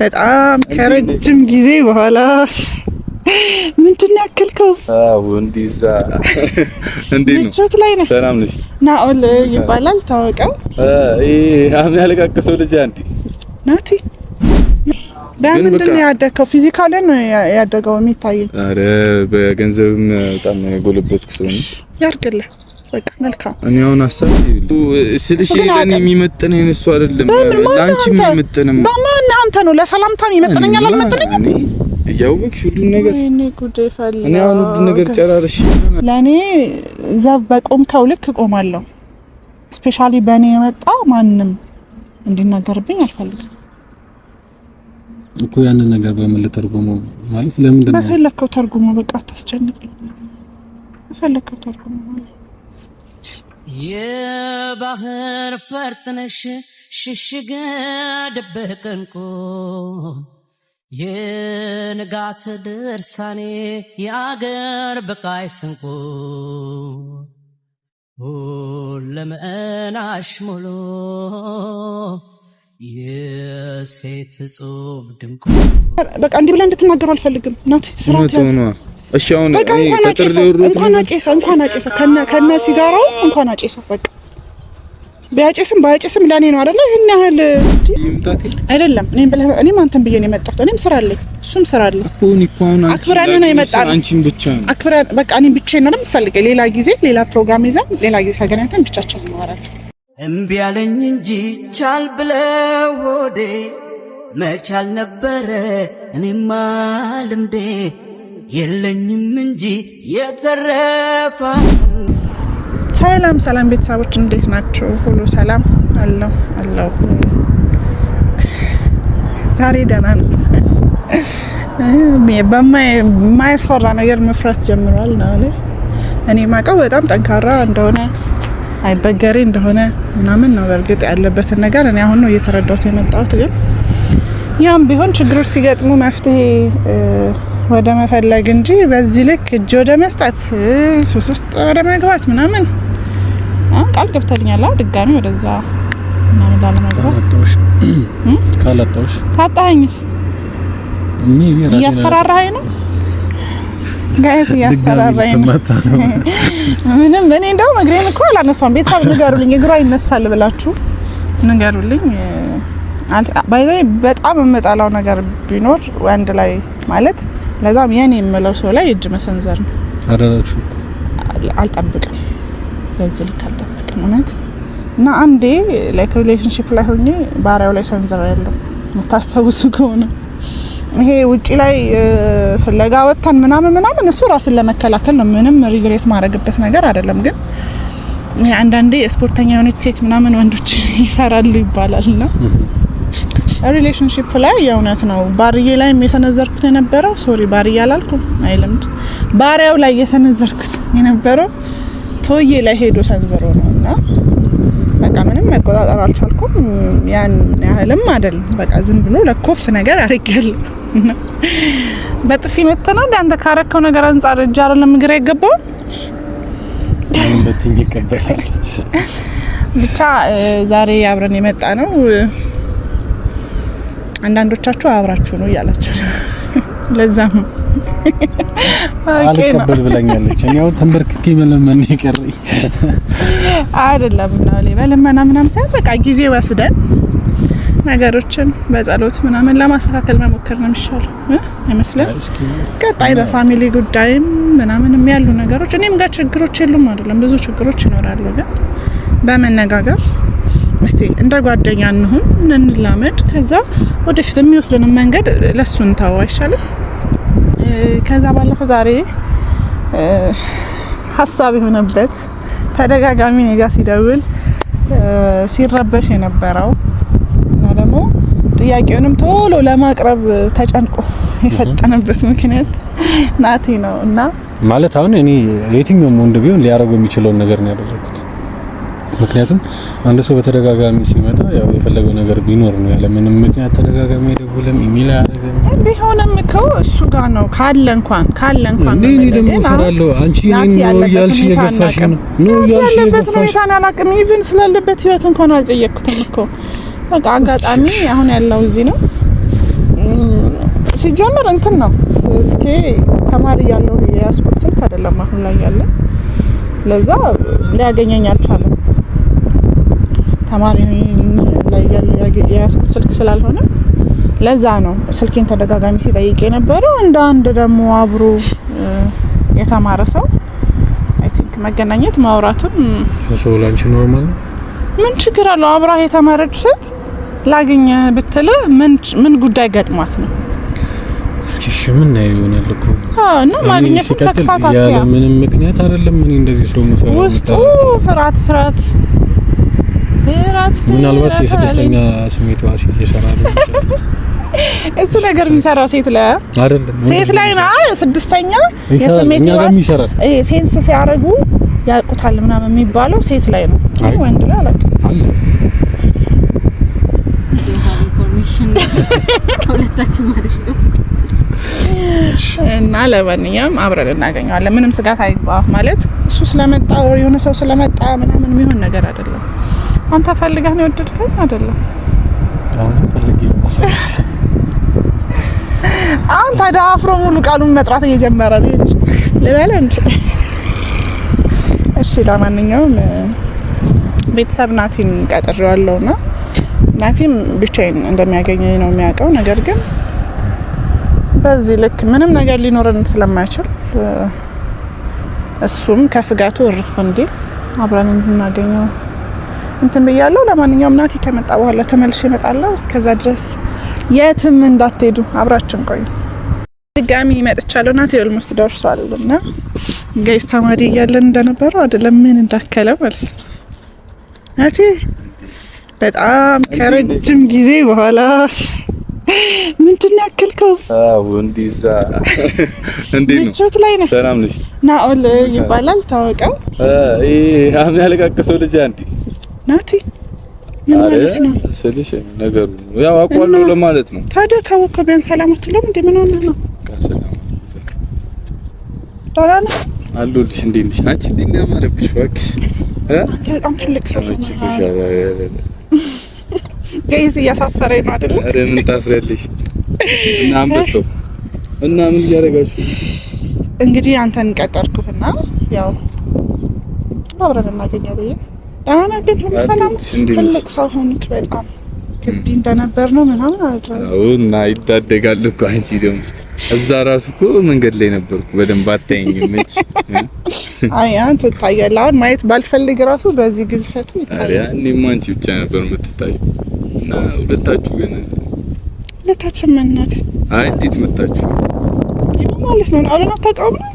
በጣም ከረጅም ጊዜ በኋላ ምንድን ነው ያከልከው? አዎ እንዲዛ እንዴት ነው? ምቾት ላይ ነው። ሰላም ነሽ? ናኦል ይባላል ታወቀው። አይ አሁን ያለቃቀሰው ልጅ አንዲ ናቲ። በምንድን ነው ያደገው? ፊዚካል ነው ያደገው የሚታየኝ። አረ በገንዘብም በጣም ጎለበትኩ ነው። ያርግልህ በቃ መልካም። እኔ አሁን ሀሳብ ስልሽ ለኔ የሚመጥን እሱ አይደለም፣ ለአንቺ የሚመጥንም በማን አንተ ነው ለሰላምታም ይመጥነኛል አልመጥነኝም። እያወቅሽ ሁሉን ነገር እኔ አሁን ሁሉን ነገር ጨራርሽ ለእኔ ዘብ በቆምከው ልክ እቆማለሁ። ስፔሻሊ በእኔ የመጣ ማንም እንዲናገርብኝ አልፈልግም እኮ ያንን ነገር በምን ልተርጉመው? ማለት ለምንድን ነው በፈለከው ተርጉመው። በቃ አታስጨንቅ። በፈለከው ተርጉመው። የባህር ፈርጥነሽ ሽሽግ ደበቅንኩ የንጋት ድርሳኔ የአገር በቃይ ስንቁ ለመናሽ ሙሉ የሴት ጾም ድንቁ በቃ እንዲህ ብላ እንድትናገሩ አልፈልግም ናት ስራት እሺ አሁን በቃ እንኳን አጨሰ እንኳን አጨሰ እንኳን አጨሰ ከነ ከነ ሲጋራው እንኳን አጨሰ በቃ ቢያጨስም ባያጨስም ለእኔ ነው አይደለ? ይሄን ያህል አይደለም። እኔም ብለህ እኔም አንተን ብዬ ነው የመጣሁት። እኔም ስራ አለኝ፣ እሱም ስራ አለ እኮ እኔ እኮ አሁን አክብረን ነው የመጣነው። አንቺን ብቻ ነው አክብረን በቃ እኔም ብቻዬን ነው የምፈልገው። ሌላ ጊዜ ሌላ ፕሮግራም ይዘን ሌላ ጊዜ ተገናኝተን ብቻችን እናወራለን። እምቢ አለኝ እንጂ ቻል ብለው ወዴ መቻል ነበረ እኔማ ልምዴ የለኝም እንጂ የተረፈ። ሰላም ሰላም ቤተሰቦች እንዴት ናቸው? ሁሉ ሰላም አለው አለው። ዛሬ ደህና ነው። በማያስፈራ ነገር መፍራት ጀምሯል ነው እኔ ማቀው በጣም ጠንካራ እንደሆነ አይበገሬ እንደሆነ ምናምን ነው። በእርግጥ ያለበትን ነገር እኔ አሁን ነው እየተረዳሁት የመጣሁት። ግን ያም ቢሆን ችግሮች ሲገጥሙ መፍትሄ ወደ መፈለግ እንጂ በዚህ ልክ እጅ ወደ መስጠት ሱስ ውስጥ ወደ መግባት ምናምን ቃል ገብተልኛላ ድጋሚ ወደዛ ምናምን ላለመግባት ካላጣሁሽ ካጣኸኝስ እያስፈራራኸኝ ነው ጋይስ እያስፈራራኝ ነው። ምንም እኔ እንደው እግሬን እኮ አላነሷም። ቤተሰብ ንገሩልኝ፣ እግሯ ይነሳል ብላችሁ ንገሩልኝ። በጣም የምጠላው ነገር ቢኖር ወንድ ላይ ማለት ለዛም የኔ የምለው ሰው ላይ እጅ መሰንዘር ነው። አደረግሽ አልጠብቅም፣ በዚህ ልክ አልጠብቅም እውነት እና አንዴ ላይክ ሪሌሽንሽፕ ላይ ሆኜ ባሪያው ላይ ሰንዝር ያለው የምታስታውሱ ከሆነ ይሄ ውጭ ላይ ፍለጋ ወጥተን ምናምን ምናምን እሱ ራስን ለመከላከል ነው። ምንም ሪግሬት ማድረግበት ነገር አይደለም። ግን አንዳንዴ ስፖርተኛ የሆነች ሴት ምናምን ወንዶች ይፈራሉ ይባላል ነው ሪሌሽንሽፕ ላይ የእውነት ነው። ባርዬ ላይም የተነዘርኩት የነበረው ሶሪ ባርዬ አላልኩም፣ አይልምድ ባሪያው ላይ የተነዘርኩት የነበረው ቶዬ ላይ ሄዶ ሰንዝሮ ነው እና በቃ ምንም መቆጣጠር አልቻልኩም። ያን ያህልም አደል በቃ ዝም ብሎ ለኮፍ ነገር አርጌያለሁ። በጥፊ መተናል። አንተ ካረከው ነገር አንጻር እጅ አይደለም እግር አይገባውም። ብቻ ዛሬ አብረን የመጣ ነው አንዳንዶቻችሁ አብራችሁ ነው እያላችሁ ለዛም አልቀበል ብለኛለች። እኔው ተንበርክኬ መለመን ይቀርይ አይደለም ነው በልመና ምናምን ሳይሆን በቃ ጊዜ ወስደን ነገሮችን በጸሎት ምናምን ለማስተካከል መሞከር ነው የሚሻለው አይመስልም? ቀጣይ በፋሚሊ ጉዳይም ምናምንም ያሉ ነገሮች እኔም ጋር ችግሮች የሉም አይደለም፣ ብዙ ችግሮች ይኖራሉ፣ ግን በመነጋገር እስቲ እንደ ጓደኛ እንሁን፣ እንላመድ። ከዛ ወደፊት የሚወስደንም መንገድ ለሱ እንተው አይሻልም? ከዛ ባለፈ ዛሬ ሀሳብ የሆነበት ተደጋጋሚ ኔጋ ሲደውል ሲረበሽ የነበረው እና ደግሞ ጥያቄውንም ቶሎ ለማቅረብ ተጨንቆ የፈጠነበት ምክንያት ናቲ ነው። እና ማለት አሁን እኔ የትኛውም ወንድ ቢሆን ሊያደርገው የሚችለውን ነገር ነው ያደረጉት ምክንያቱም አንድ ሰው በተደጋጋሚ ሲመጣ ያው የፈለገው ነገር ቢኖር ነው ያለ ምንም ምክንያት ተደጋጋሚ አይደውልም፣ ኢሜል አያደርግም። ቢሆንም እኮ እሱ ጋር ነው ካለ እንኳን ካለ እንኳን ነው። እኔ ደግሞ ስላለው አንቺ ነው እያልሽ የገፋሽ ነው እያልሽ የገፋሽ ነው ሁኔታን አላውቅም። ኢቭን ስላለበት ህይወት እንኳን አልጠየቅኩትም እኮ በቃ አጋጣሚ አሁን ያለው እዚህ ነው። ሲጀምር እንትን ነው ስልኬ ተማሪ ያለው የያዝኩት ስልክ አይደለም አሁን ላይ ያለ ለዛ ሊያገኘኝ አልቻለም። ተማሪ ላይ የያዝኩት ስልክ ስላልሆነ ለዛ ነው ስልኬን ተደጋጋሚ ሲጠይቅ የነበረው። እንደ አንድ ደግሞ አብሮ የተማረ ሰው አይ ቲንክ መገናኘት ማውራትም ሰው ላንቺ ኖርማል ነው። ምን ችግር አለው? አብራ የተማረች ሴት ላገኘ ብትል ምን ጉዳይ ገጥሟት ነው? እስኪ እሺ ምን ነው ይሆናል እኮ እና ማግኘት ተከፋታ ያለ ምንም ምክንያት አይደለም። እኔ እንደዚህ ሰው ምፈራ ውስጡ ፍርሃት ፍርሃት ምናልባት የስድስተኛ ስሜት ዋሲ እየሰራ ነው። እሱ ነገር የሚሰራው ሴት ላይ አይደለም፣ ሴት ላይ ነው። ስድስተኛ የስሜት ሴንስ ሲያደርጉ ያውቁታል ምናምን የሚባለው ሴት ላይ ነው፣ ወንድ ላይ አላውቅም። እና ለማንኛውም አብረን እናገኘዋለን። ምንም ስጋት አይግባ ማለት እሱ ስለመጣ የሆነ ሰው ስለመጣ ምናምን የሚሆን ነገር አይደለም። አንተ ፈልገህ ነው የወደድከኝ አይደለም። አሁን ተዳፍሮ ሙሉ ቃሉን መጥራት እየጀመረ ነው ልበል እንጂ። እሺ፣ ለማንኛውም ቤተሰብ ናቲን ቀጥሬዋለሁ ና ናቲም ብቻዬን እንደሚያገኝ ነው የሚያውቀው። ነገር ግን በዚህ ልክ ምንም ነገር ሊኖረን ስለማይችል እሱም ከስጋቱ እርፍ እንዲል አብረን እንድናገኘው እንትን ብያለሁ። ለማንኛውም ናቲ ከመጣ በኋላ ተመልሼ እመጣለሁ። እስከዛ ድረስ የትም እንዳትሄዱ፣ አብራችን ቆዩ። ድጋሚ መጥቻለሁ። ናቲ ኦልሞስት ደርሷል እና ጋይስ ተማሪ እያለን እንደነበረው አይደለም ምን እንዳከለ ማለት ነው ናቲ በጣም ከረጅም ጊዜ በኋላ ምንድን ያክልከው? አዎ እንዲዛ እንዴት ነው? ምቾት ላይ ነው። ሰላም ነሽ? ናኦል ይባላል ታወቀ። ይሄ አሁን ያለቃቀሰው ልጅ አንዴ ናቲ ምን ማለት ነው ስልሽ ነገሩ ያው አውቀዋለሁ ለማለት ነው። ታዲያ ካወቀ ቢያንስ ሰላም አትለውም እንዴ? ምን ሆነ ነው? አሉልሽ እንዴት ነሽ? አንቺ እንዴት ነው ያማረብሽ? በጣም ትልቅ ሰው ገይዝ እያሳፈረኝ ነው አይደለ? ኧረ ምን ታፍሪያለሽ? እና አንበሳው እና ምን እያደረጋችሁ እንግዲህ አንተን ቀጠርኩህና ያው አብረን እናገኛለን። ኧረ ግን ሁሉ ሰላም ትልቅ ሰው ሆንክ በጣም ግቢ እንደነበር ነው ምናምን አልራ እና ይታደጋል እኮ አንቺ ደግሞ እዛ ራሱ እኮ መንገድ ላይ ነበርኩ። በደንብ አታየኝም እንጂ አይ አንተ ትታያለህ። አሁን ማየት ባልፈልግ ራሱ በዚህ ግዝፈቱ ይታያል። እኔማ አንቺ ብቻ ነበር የምትታየው እና ሁለታችሁ ግን ሁለታችን መናት አይ እንዴት መጣችሁ ማለት ነው አሁን አታውቃውም ነው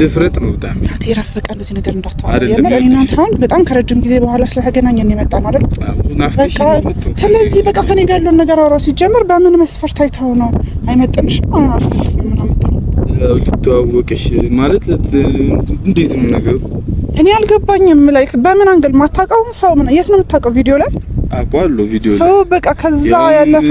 ድፍረት ነው በጣም ናቲ። ራስ እንደዚህ ነገር እንዳታወራ የምር እኔ እናንተ አሁን በጣም ከረጅም ጊዜ በኋላ ስለተገናኘን የመጣ ነው አይደል? በቃ ስለዚህ በቃ ከኔ ጋር ያለውን ነገር አውራ። ሲጀምር በምን መስፈርት አይተው ነው? አይመጥንሽም ልትዋወቅሽ ማለት እንዴት ነው ነገሩ? እኔ አልገባኝም። ላይክ በምን አንገል ማታውቀው ሰው ምን የት ነው የምታውቀው? ቪዲዮ ላይ አውቀዋለሁ። ቪዲዮ ላይ ሰው በቃ ከዛ ያለፈ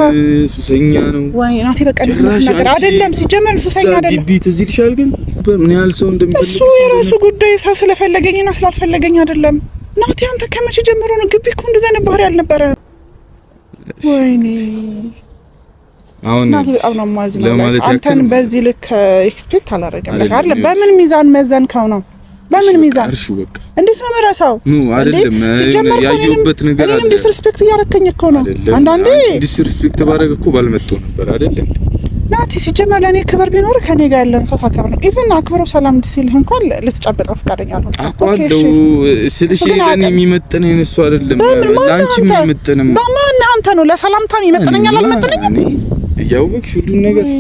ሱሰኛ ነው ወይ ናቴ? በቃ እንደዚህ ነገር አይደለም። ሲጀመር ሱሰኛ አይደለም። ግቢ ትዝ ይልሻል ግን ነበር ምን ያህል ሰው እንደሚፈልግ እሱ የራሱ ጉዳይ። ሰው ስለፈለገኝና ስላልፈለገኝ አይደለም። ናቲ አንተ ከመቼ ጀምሮ ነው? ግቢ እኮ እንደዛ አይነት ባህሪ አልነበረ። ወይኔ አሁን አንተን በዚህ ልክ ኤክስፔክት አላደረገም። በቃ አይደለም በምን ሚዛን መዘንከው ነው? በምን ሚዛን እርሹ በቃ እንዴት ነው መረሳው? ኑ አይደለም ሲጀመር ያዩበት ነገር አይደለም። ዲስሪስፔክት እያደረከኝ እኮ ነው። አንዳንዴ ዲስሪስፔክት ባደረግ እኮ ባልመጣሁ ነበር አይደለም ናቲ ሲጀመር ለእኔ ክብር ቢኖር ከኔ ጋር ያለን ሰው ታከብር ነው። ኢቨን አክብሮ ሰላም ሲልህ እንኳን ልትጨብጠው ፍቃደኛ የሚመጥን እሱ አይደለም፣ አንተ ነው ለሰላምታ ይመጥነኛል ነገር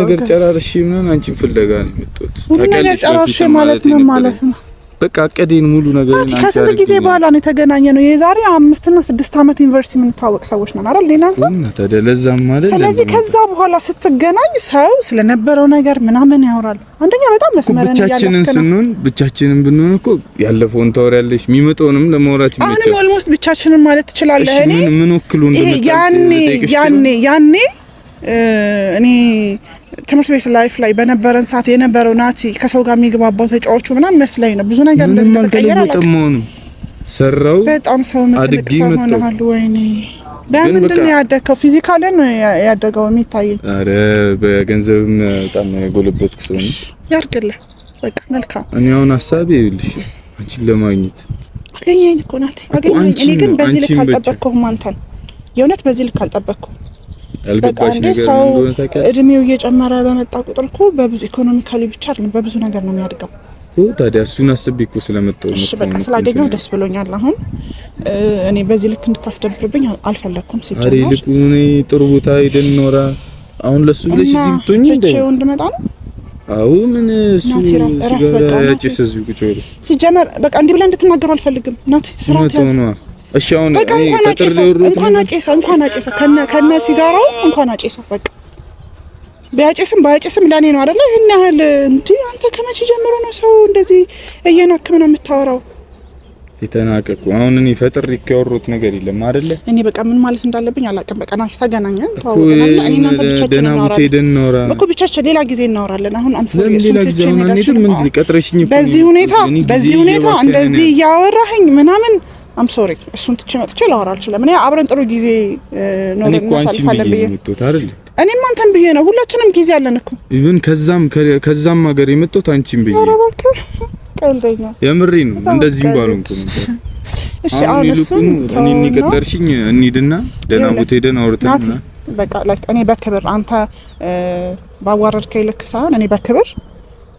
ነገር ጨራርሽ ፍለጋ ነው ነገር ጨራርሽ ማለት ማለት ነው? በቃ ቀዴን ሙሉ ነገር ነው። ከስንት ጊዜ በኋላ ነው የተገናኘ ነው። የዛሬ አምስት እና ስድስት አመት ዩኒቨርሲቲ የምንተዋወቅ ሰዎች ነን አይደል? ሌላ ታዲያ ለዛም ማለት ስለዚህ ከዛ በኋላ ስትገናኝ ሰው ስለነበረው ነገር ምናምን ያወራል። አንደኛ በጣም መስመረን ብቻችንን ስንሆን ብቻችንን ብንሆን እኮ ያለፈውን ታወሪያለሽ፣ የሚመጣውንም ለማውራት ይመቻል። አሁን ኦልሞስት ብቻችንን ማለት ትችላለህ። እኔ ምን ምን ወክሉ እንደመጣ ያኔ ያኔ ያኔ እኔ ትምህርት ቤት ላይፍ ላይ በነበረን ሰዓት የነበረው ናቲ ከሰው ጋር የሚግባባው ተጫዋቹ ምናምን መስለኝ ነው። ብዙ ነገር እንደዚህ ሰራው በጣም ሰው ምትልቅ ሰው ሆነሃል። ወይኔ በምንድን ያደግከው? ፊዚካልን ነው ያደገው የሚታየኝ። አረ በገንዘብም በጣም የጎለበትኩ ሰው ነኝ። ያድግልህ። በቃ መልካም። እኔ አሁን ሀሳቤ ይኸውልሽ አንቺን ለማግኘት አገኘኝ እኮ ናቲ፣ አገኘኝ። እኔ ግን በዚህ ልክ አልጠበቅኩም አንተን፣ የእውነት በዚህ ልክ አልጠበቅኩም። ያልገባሽ ነገር እንደሆነ እድሜው እየጨመረ በመጣ ቁጥር እኮ በብዙ ኢኮኖሚካሊ ብቻ አይደለም በብዙ ነገር ነው የሚያድገው። ታዲያ እሱን አስቤ እኮ ስለመጣሁ ነው። በቃ ስላገኘው ደስ ብሎኛል። አሁን እኔ በዚህ ልክ እንድታስደብርብኝ አልፈለኩም። ሲጀምር አሪ እኔ ጥሩ ቦታ ሄደን ኖራ አሁን ለሱ ብለሽ እዚህ ብትሆኚ እንደ እንድመጣ ነው። አዎ ምን እሱ ሲጀመር በቃ እንዲህ ብላ እንድትናገሩ አልፈልግም። ናቲ ስራ ትያዝ እሺ አሁን እንኳን አጨሰ እንኳን አጨሰ ከነ ከነ ሲጋራው እንኳን አጨሰ። በቃ ቢያጨስም ባያጨስም ለኔ ነው አይደለ? ይሄን ያህል እንዴ! አንተ ከመቼ ጀምሮ ነው ሰው እንደዚህ እየናክም ነው የምታወራው? የተናቀቁ አሁን እኔ ፈጥር ያወሩት ነገር የለም አይደለ? እኔ በቃ ምን ማለት እንዳለብኝ አላውቅም። በቃ ናሽ ተገናኘን ተዋወቅናል። እኔ እናንተ ብቻችን እናወራለን እኮ ብቻችን፣ ሌላ ጊዜ እናወራለን። አሁን አምስት ሌላ ጊዜ በዚህ ሁኔታ በዚህ ሁኔታ እንደዚህ እያወራኸኝ ምናምን አም ሶሪ እሱን ትቼ መጥቼ ላወራ አልችልም። እኔ አብረን ጥሩ ጊዜ ነው እናሳልፋለን ብዬ እኔም አንተም ብዬ ነው። ሁላችንም ጊዜ አለን እኮ ኢቭን ከዛም ከዛም ሀገር የመጣሁት አንቺን ብዬ ነው። ቀልደኛ የምሬ ነው። እንደዚሁ ባልሆንኩ እሺ። አሁን እኔ እንቀጠርሽኝ እንሂድና ደህና ቦታ ሄደን አውርተን በቃ ላይክ እኔ በክብር አንተ ባዋረድከኝ ልክ ሳይሆን እኔ በክብር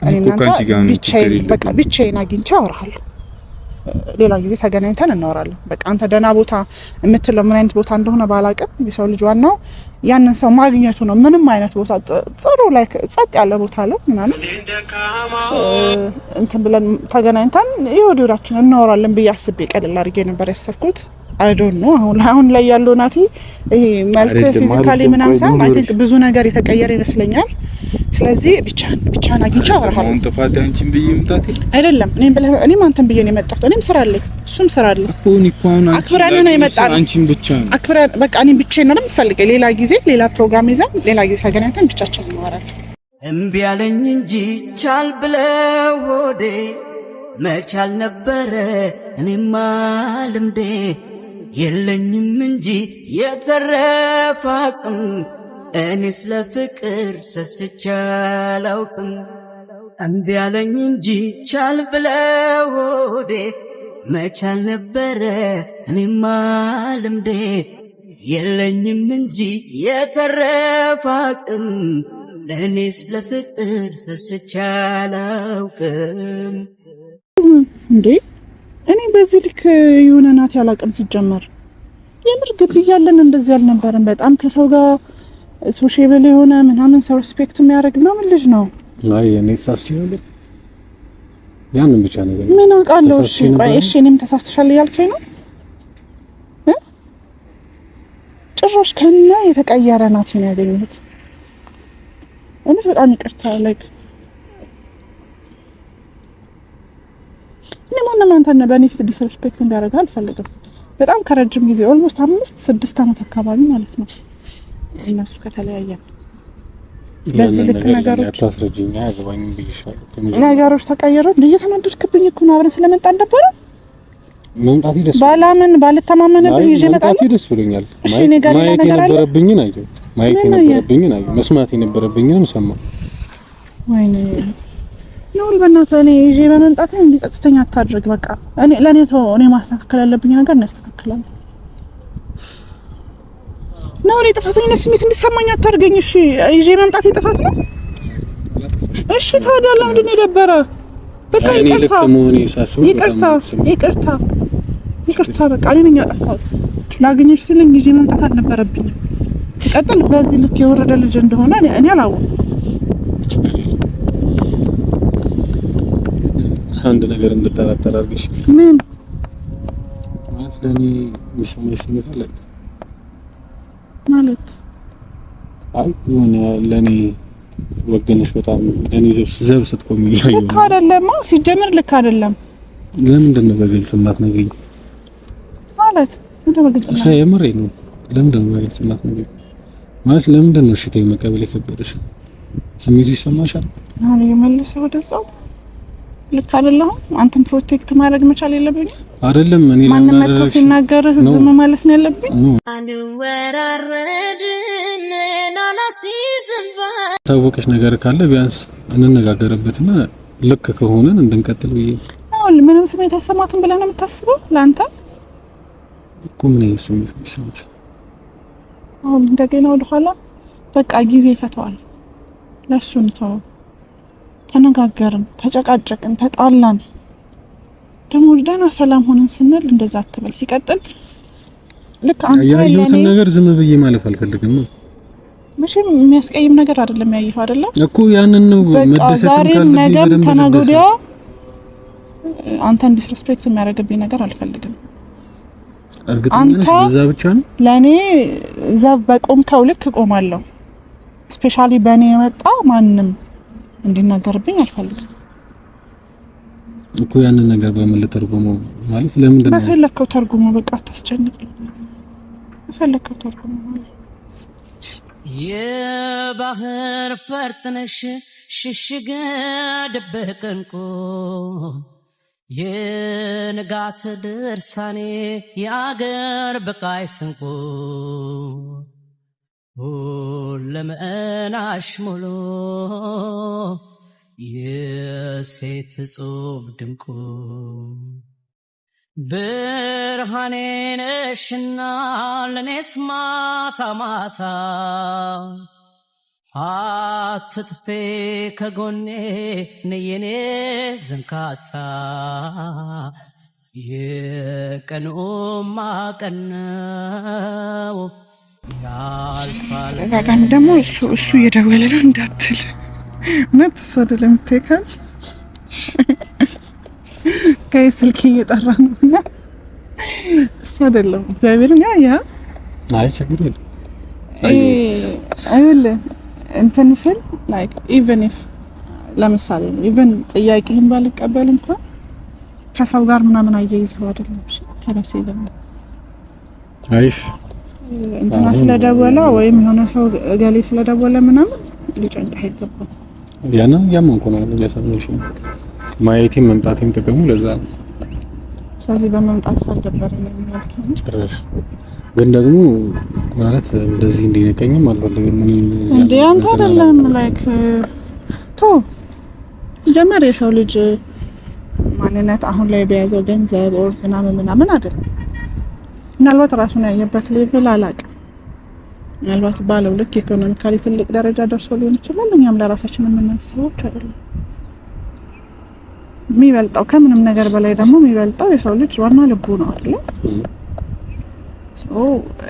እኔ እናንተ ብቻዬን በቃ ብቻዬን አግኝቼ ሌላ ጊዜ ተገናኝተን እናወራለን። በቃ አንተ ደህና ቦታ የምትለው ምን አይነት ቦታ እንደሆነ ባላቅም የሰው ልጅ ዋናው ያንን ሰው ማግኘቱ ነው። ምንም አይነት ቦታ ጥሩ ላይ ጸጥ ያለ ቦታ ላይ ምናምን እንትን ብለን ተገናኝተን የወዲራችን እናወራለን ብዬ አስቤ ቀልል አድርጌ ነበር ያሰብኩት። አይዶን ነው አሁን አሁን ላይ ያለው ናቲ ይሄ መልክ ፊዚካሊ ምናምን ሳይሆን አይ ቲንክ ብዙ ነገር የተቀየረ ይመስለኛል። ስለዚህ ብቻ ብቻን አግኝቼ አወራሃለሁ። አሁን ጥፋት አንቺን ብዬ መምጣቴ አይደለም። እኔም ብለህ እኔም አንተን ብዬ ነው የመጣሁት። እኔም ስራ አለኝ፣ እሱም ስራ አለ እኮ እኔ እኮ አሁን አክብረን ነው የመጣን። አንቺን ብቻ ነው አክብረን በቃ እኔም ብቻዬን ነው የምፈልገው። ሌላ ጊዜ ሌላ ፕሮግራም ይዘን ሌላ ጊዜ ተገናኝተን ብቻችን እናወራለን። እምቢ አለኝ እንጂ ቻል ብለው ሆዴ መቻል ነበረ እኔማ ልምዴ የለኝም እንጂ የተረፈ አቅም እኔስ ለፍቅር ሰስቼ አላውቅም። እምቢ አለኝ እንጂ ቻል ብለው ሆዴ መቻል ነበረ እኔማ ልምዴ የለኝም እንጂ የተረፈ አቅም ለእኔስ ለፍቅር ሰስቻላውቅም እንዴ እኔ በዚህ ልክ የሆነ ናት ያላቅም ሲጀመር የምር ግብ እያለን እንደዚህ አልነበረም። በጣም ከሰው ጋር ሶሽብል የሆነ ምናምን ሰው ሪስፔክት የሚያደርግ ምናምን ልጅ ነው። አይ እኔ ተሳስቼ ያንን ብቻ ነገር ምን አውቃለሁ። እሺ ቆይ እሺ፣ እኔም ተሳስተሻል እያልከኝ ነው። ጭራሽ ከነ የተቀየረ ናት ነው ያገኘሁት። እውነት በጣም ይቅርታ። ላይክ እኔ ማንም አንተን በእኔ ፊት ዲስሪስፔክት እንዳደረገ አልፈልግም። በጣም ከረጅም ጊዜ ኦልሞስት አምስት ስድስት አመት አካባቢ ማለት ነው እነሱ ከተለያየ በዚህ ልክ ነገሮች ታስረጅኛ ያገባኝ ብይሻለሁ። ነገሮች ተቀየረ። እየተናደድክብኝ እኮ ነው። አብረን ስለመጣን ነበረ መምጣት ይደስ ባላምን ባልተማመንብህ ይዤ እመጣለሁ። ደስ ብሎኛል። ማየት የነበረብኝን አየሁ። ማየት የነበረብኝን አየሁ። መስማት የነበረብኝንም ሰማሁ። ወይኔ ነውል በእናትህ እኔ ይዤ በመምጣት እንዲጸጽተኛ አታድርግ። በቃ እኔ ለእኔ ተወው። እኔ ማስተካከል ያለብኝ ነገር ነው ነው እኔ ጥፋተኝነት ስሜት እንዲሰማኝ አታርገኝ። እሺ ይዤ መምጣት የጥፋት ነው። እሺ ታዲያ ለምንድን ነው የደበረ? በቃ ይቅርታ፣ ይቅርታ፣ ይቅርታ፣ ይቅርታ። በቃ እኔ ነኝ ያጠፋሁት። ላገኘሽ ስለኝ ይዤ መምጣት አልነበረብኝም። ሲቀጥል በዚህ ልክ የወረደ ልጅ እንደሆነ እኔ አላወኩም። አንድ ነገር እንድጠራጠር አድርገሽ ምን ማለት ለእኔ የሚሰማኝ ስሜት አለ አይ የሆነ ለኔ ወገነሽ በጣም ለኔ ዘብስ ዘብስ ስትቆሚ ልክ አይደለም። ሲጀምር ልክ አይደለም። ለምንድን ነው በግልጽ የማትነግሪኝ? ማለት ምንድን ነው በግልጽ ሳይ የምሬ ነው። ለምንድን ነው በግልጽ የማትነግሪኝ? ማለት ለምንድን ነው ሽቴ መቀበል የከበደሽ? ስሜቱ ይሰማሻል? አሁን የመለሰ ወደዛው ልክ አይደለሁም። አንተን ፕሮቴክት ማድረግ መቻል የለብኝም አይደለም። እኔ ለምን ማንም መጥቶ ሲናገርህ ዝም ማለት ነው ያለብኝ? ታወቀች ነገር ካለ ቢያንስ እንነጋገርበትና ልክ ከሆነን እንድንቀጥል ብዬ አሁን ምንም ስሜት አይሰማትም ብለህ ነው የምታስበው? ለአንተ እኮ ምን አይነት ስሜት ይሰማሽ? አሁን እንደገና ወደኋላ በቃ ጊዜ ይፈተዋል። ለሱ እንተው። ተነጋገርን፣ ተጨቃጨቅን፣ ተጣላን ደግሞ ደህና ሰላም ሆነን ስንል እንደዛ አትበል ሲቀጥል ልክ አንተ ያለሁትን ነገር ዝም ብዬ ማለፍ አልፈልግም። መቼም የሚያስቀይም ነገር አይደለም ያየኸው አይደለ እኮ ያንን ነው መደሰት። ዛሬም ነገም ከነገ ወዲያ አንተን ዲስሬስፔክት የሚያደርግብኝ ነገር አልፈልግም። አንተ በዛ ብቻ ነው ለእኔ ዘብ በቆምከው ልክ እቆማለሁ። ስፔሻሊ በእኔ የመጣ ማንም እንዲናገርብኝ አልፈልግም እኮ ያንን ነገር በምን ልተርጉመው ማለት ለምንድን ነው በፈለከው ተርጉሞ በቃ አታስጨንቅ። የባህር ፈርጥነሽ ሽሽግ ደበቅንቆ የንጋት ድርሳኔ የአገር በቃይ ስንቁ ለመናሽ ሙሉ የሴት ጹብ ድንቁ ብርሃኔ ነሽና ለኔስ ማታ ማታ አትጥፌ ከጎኔ ነየኔ ዝንካታ የቀኑም ማቀነው ያልፋል። ደግሞ እሱ እሱ እየደወለ ነው እንዳትል እውነት እሱ አደለም ትካል ተከራይ ስልክ እየጠራ ነው እና እሱ አይደለም እግዚአብሔርን ያ ያ አይ ችግር የለም እንትን ስል ላይክ ኢቨን ኢፍ ለምሳሌ ኢቨን ጥያቄህን ባልቀበል እንኳን ከሰው ጋር ምናምን አያይዘው አይደለም እሺ ከራሴ አይሽ እንትና ስለደወለ ወይም የሆነ ሰው ገሌ ስለደወለ ምናምን ሊጨንቀህ አይገባም ያንን እያመንኩ ነው ማየቴም መምጣቴም ጥቅሙ ለዛ ነው። ስለዚህ በመምጣት አልደበረኝም ያልከኝ ጭራሽ ግን ደግሞ ማለት እንደዚህ እንዲነቀኝም አልፈልግም። እንደ አንተ አይደለም ላይክ ቶ ጀመር የሰው ልጅ ማንነት አሁን ላይ በያዘው ገንዘብ ኦር ምናምን ምናምን አይደለም። ምናልባት ራሱን ያየበት ሌቭል አላውቅም። ምናልባት ባለው ልክ ኢኮኖሚካሊ ትልቅ ደረጃ ደርሶ ሊሆን ይችላል። እኛም ለራሳችን የምናስበው አይደለም የሚበልጠው ከምንም ነገር በላይ ደግሞ የሚበልጠው የሰው ልጅ ዋና ልቡ ነው አይደለ?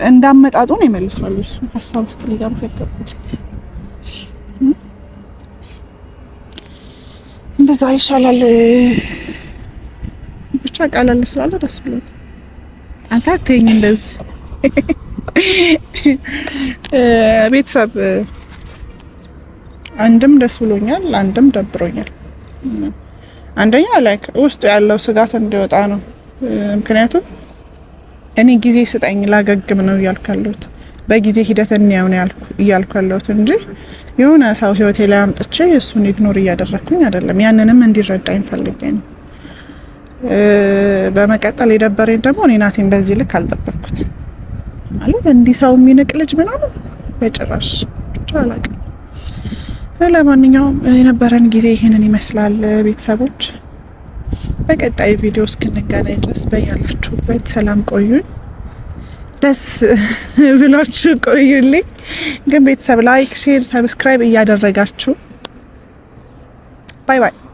እንዳመጣጡ ነው ይመልሷል። እሱ ሀሳብ ውስጥ ሊገባ ይገባል። እንደዛ ይሻላል። ብቻ ቃላል ስላለ ደስ ብሎ አንተ አትይኝ እንደዚህ ቤተሰብ አንድም ደስ ብሎኛል፣ አንድም ደብሮኛል። አንደኛ ላይክ ውስጡ ያለው ስጋት እንዲወጣ ነው። ምክንያቱም እኔ ጊዜ ስጠኝ ላገግም ነው እያልኩ ያለሁት በጊዜ ሂደት እንያው ነው እያልኩ ያለሁት እንጂ የሆነ ሰው ህይወቴ ላይ አምጥቼ እሱን ኢግኖር እያደረግኩኝ አይደለም። ያንንም እንዲረዳኝ ፈልጌ ነው። በመቀጠል የደበረኝ ደግሞ እኔ ናቴን በዚህ ልክ አልጠበቅኩት ማለት እንዲህ ሰው የሚንቅ ልጅ ምናምን በጭራሽ ብቻ አላቅም። ለማንኛውም የነበረን ጊዜ ይህንን ይመስላል ቤተሰቦች። በቀጣይ ቪዲዮ እስክንገናኝ ድረስ በያላችሁበት ሰላም ቆዩኝ፣ ደስ ብሏችሁ ቆዩልኝ። ግን ቤተሰብ ላይክ፣ ሼር፣ ሰብስክራይብ እያደረጋችሁ ባይ ባይ።